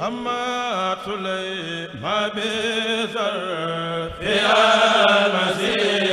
حمات سليم ما بزر في المسيح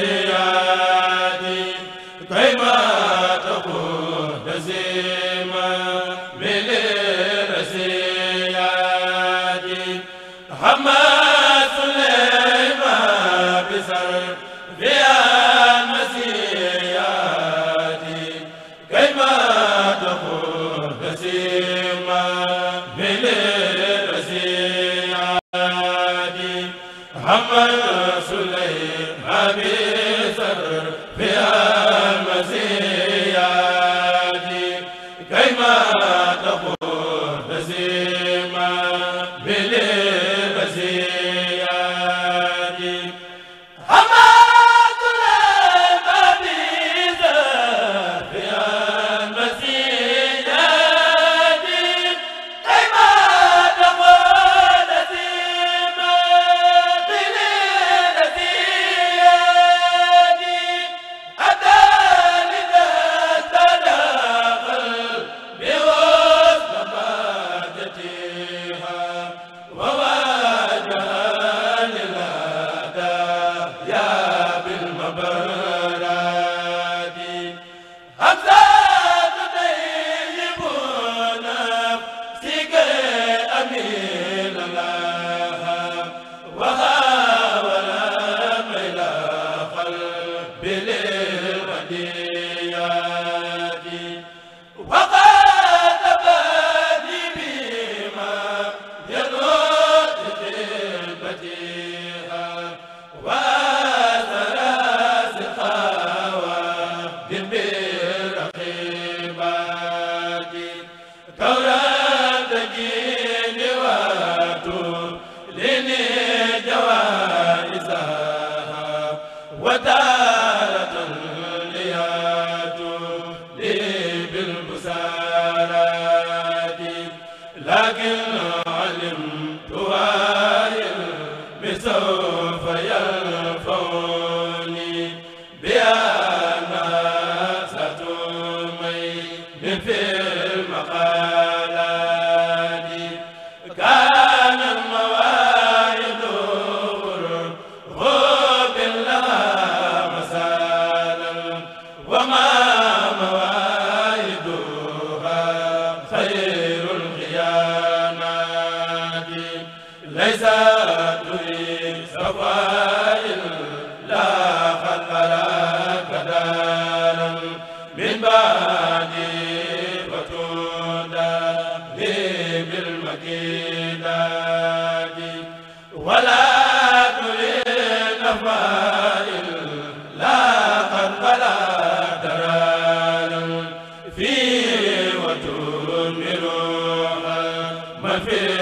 fi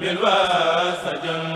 bilwa sajam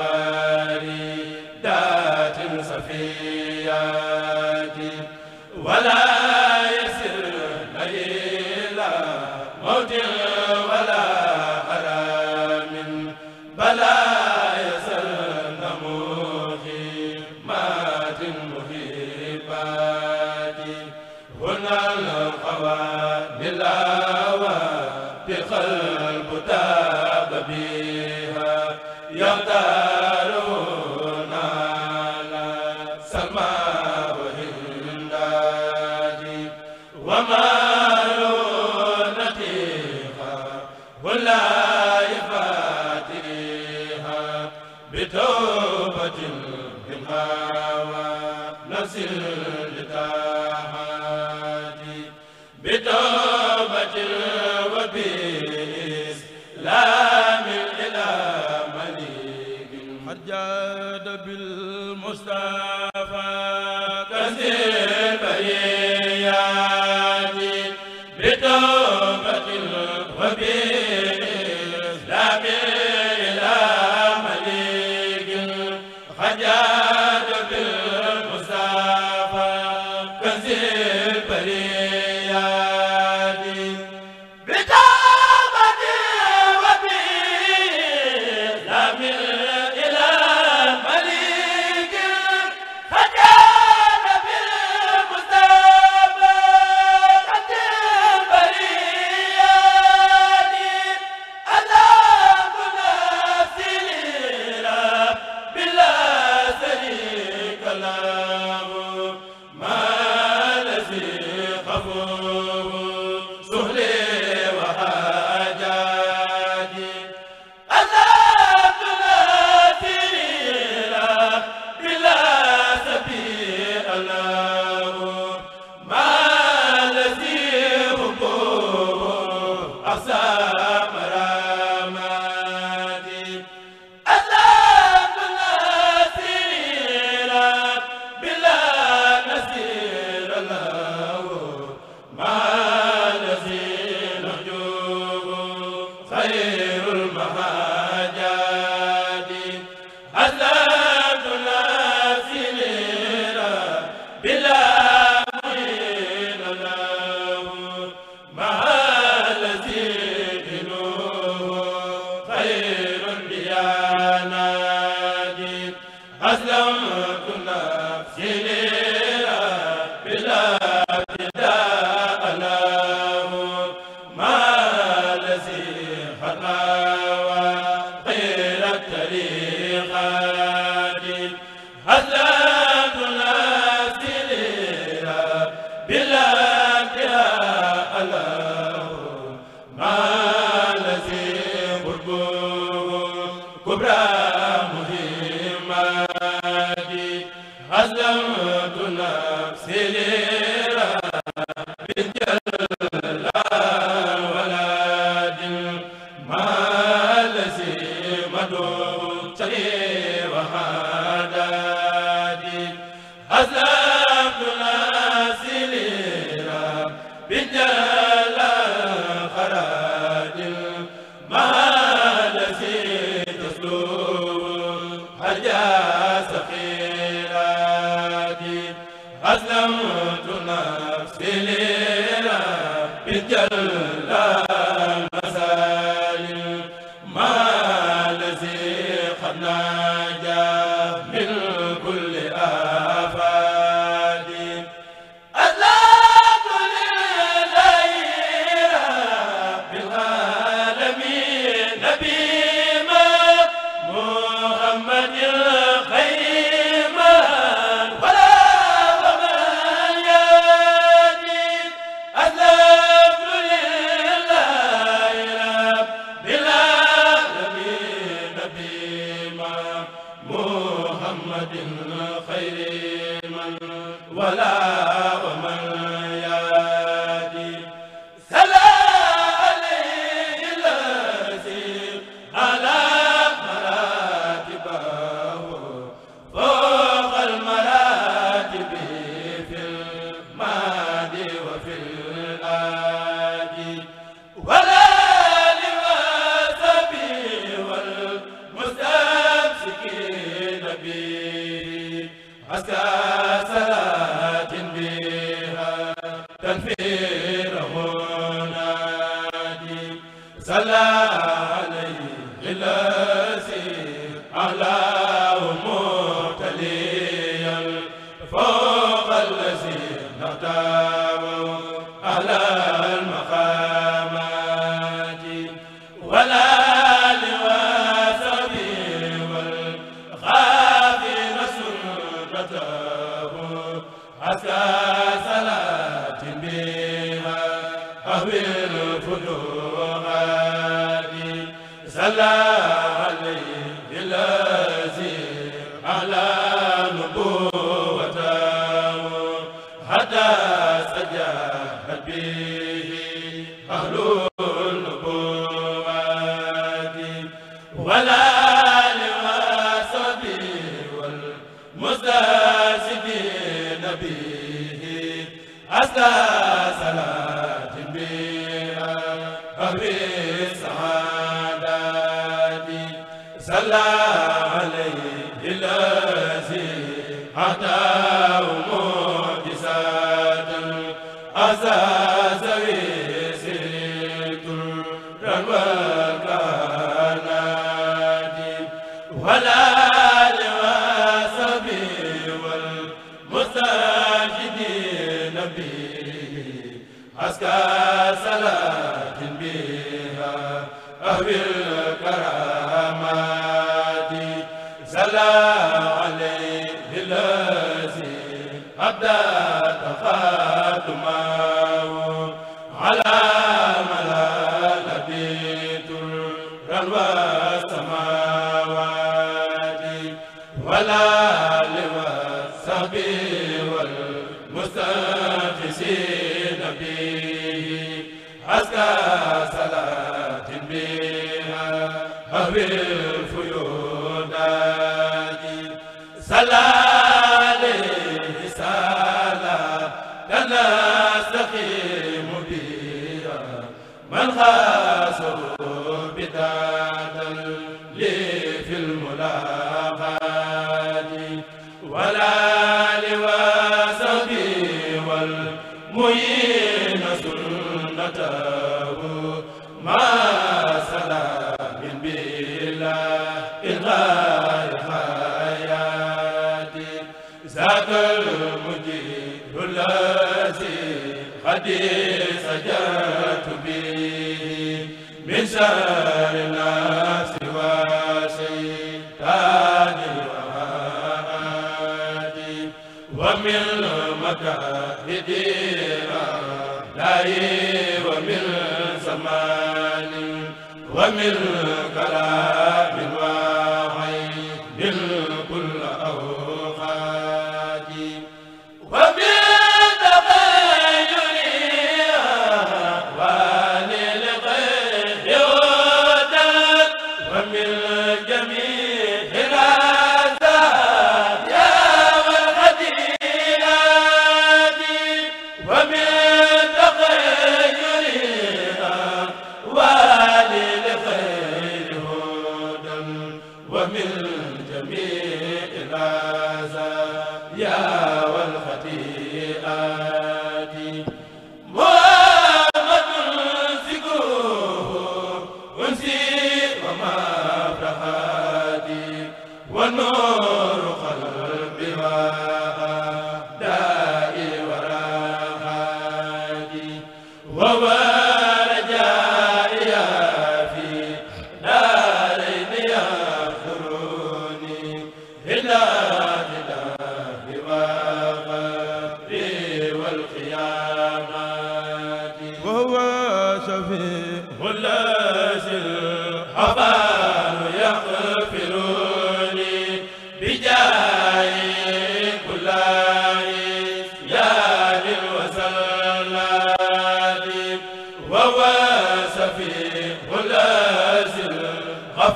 باري دات صفيا ye asa Cobra aska salaam di sajjatu bi min sharri mel euh,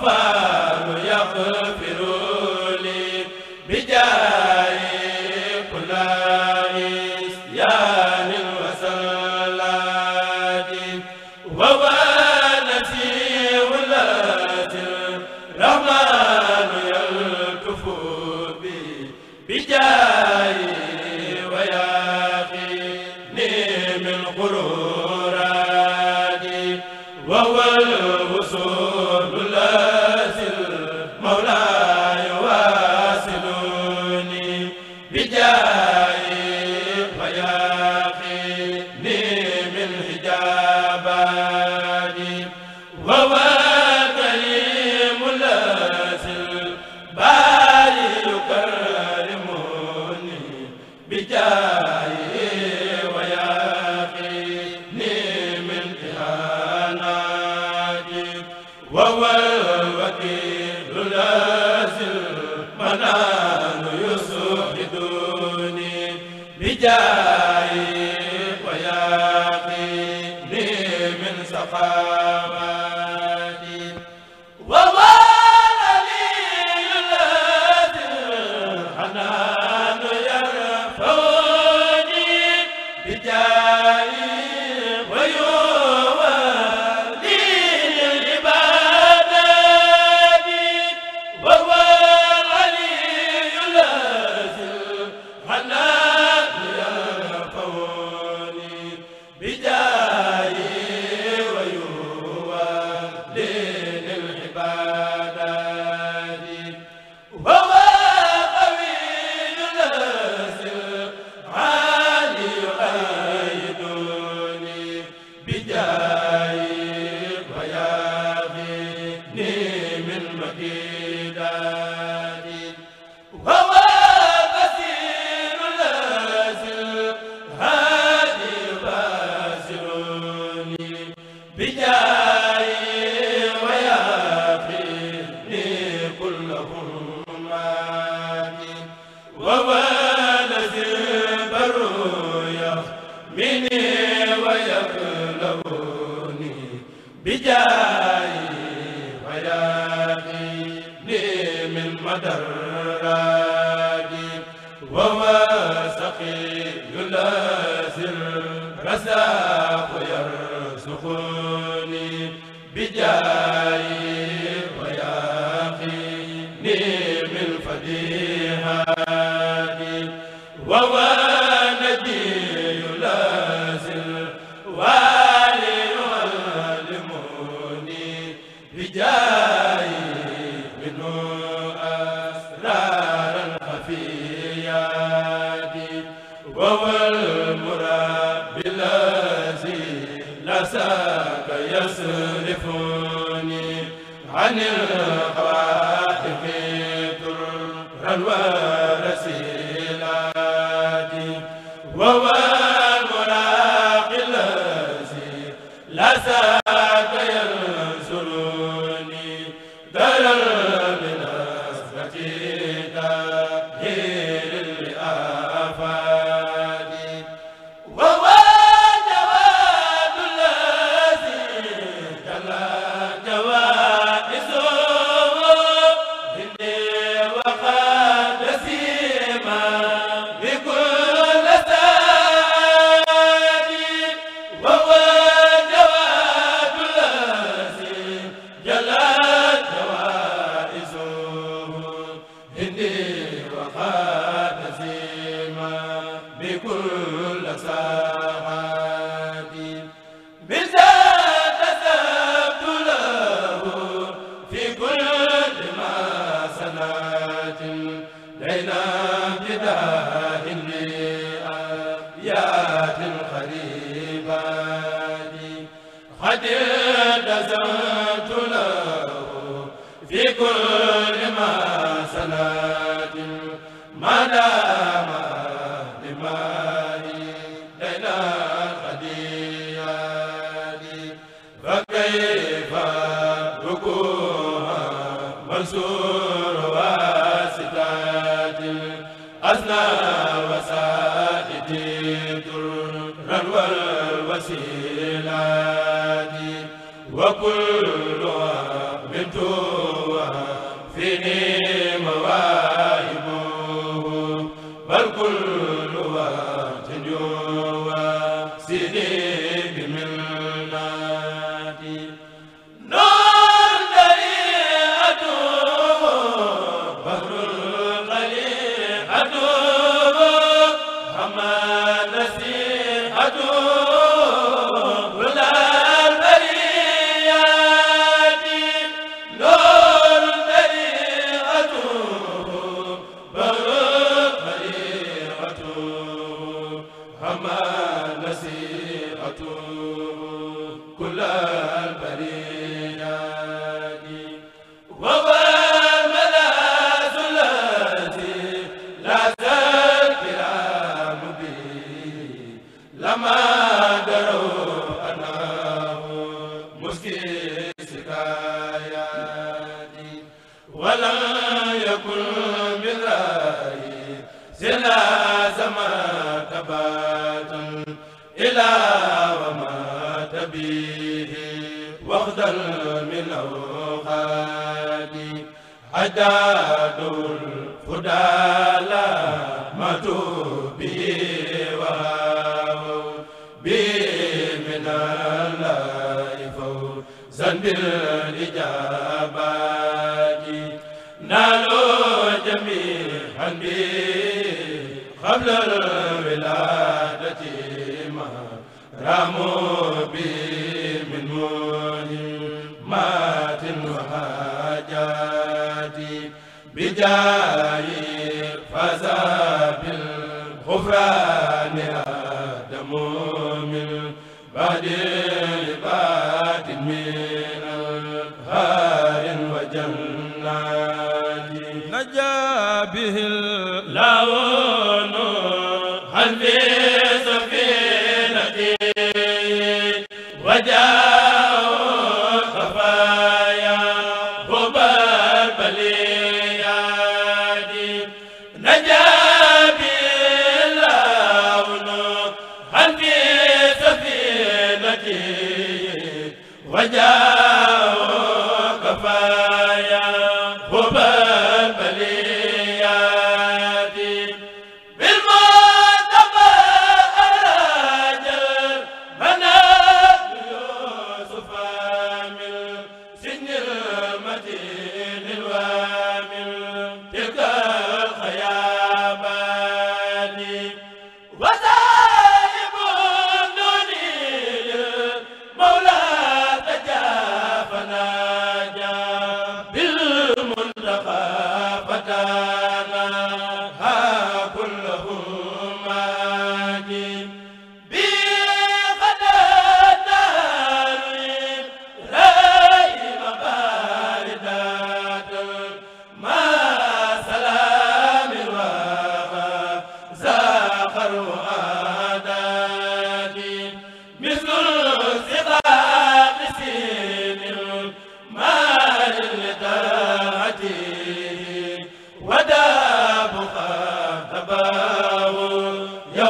Mustafa jaa anil Atu زنبر الإجابات نالوا جميعا بي قبل الولادة ما راموا بي من مهمات وحاجات بجاه la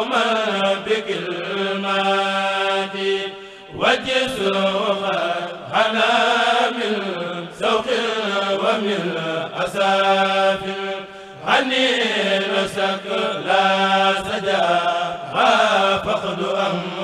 sajaa faqdu am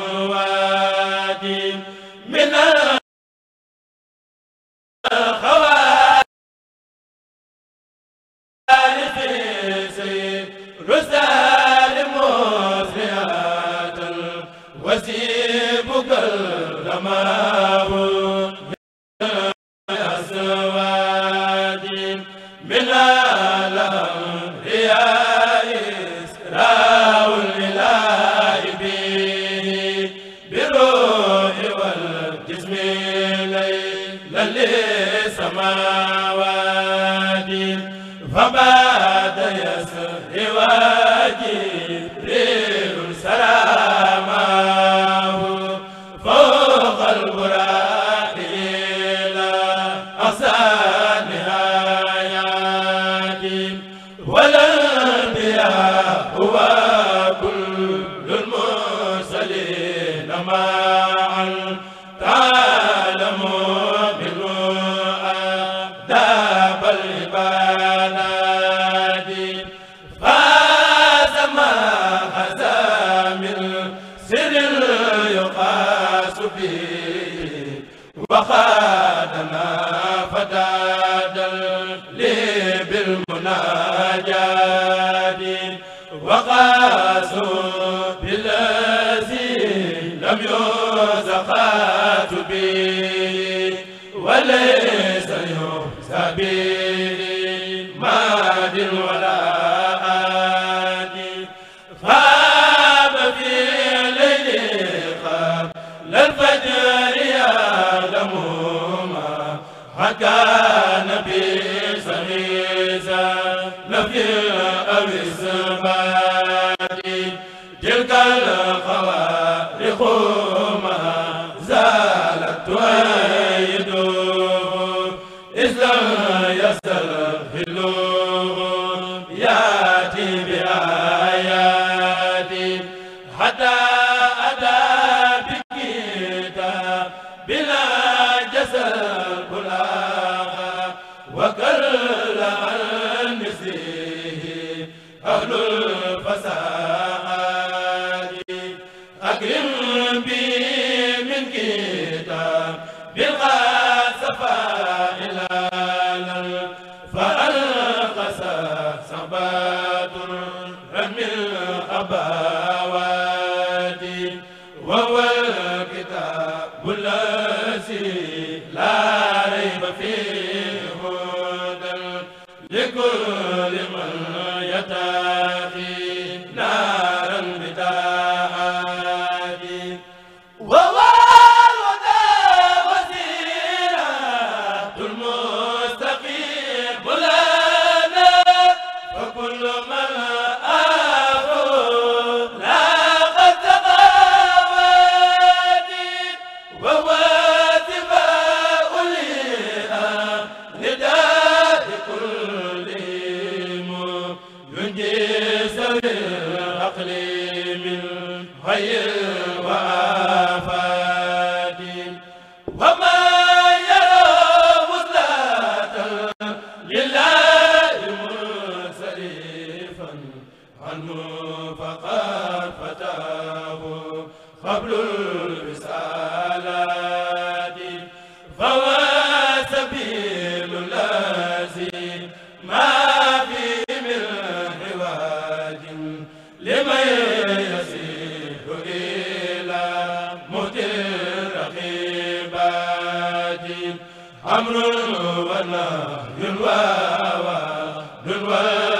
لفي أبي الزبادي تلك الخوارج amrun wa nahyun wa wa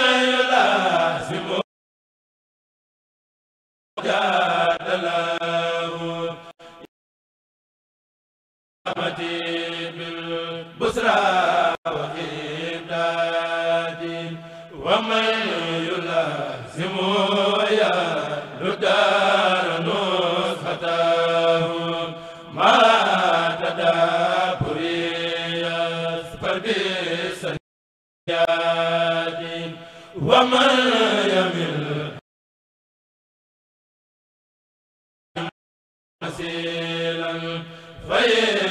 fa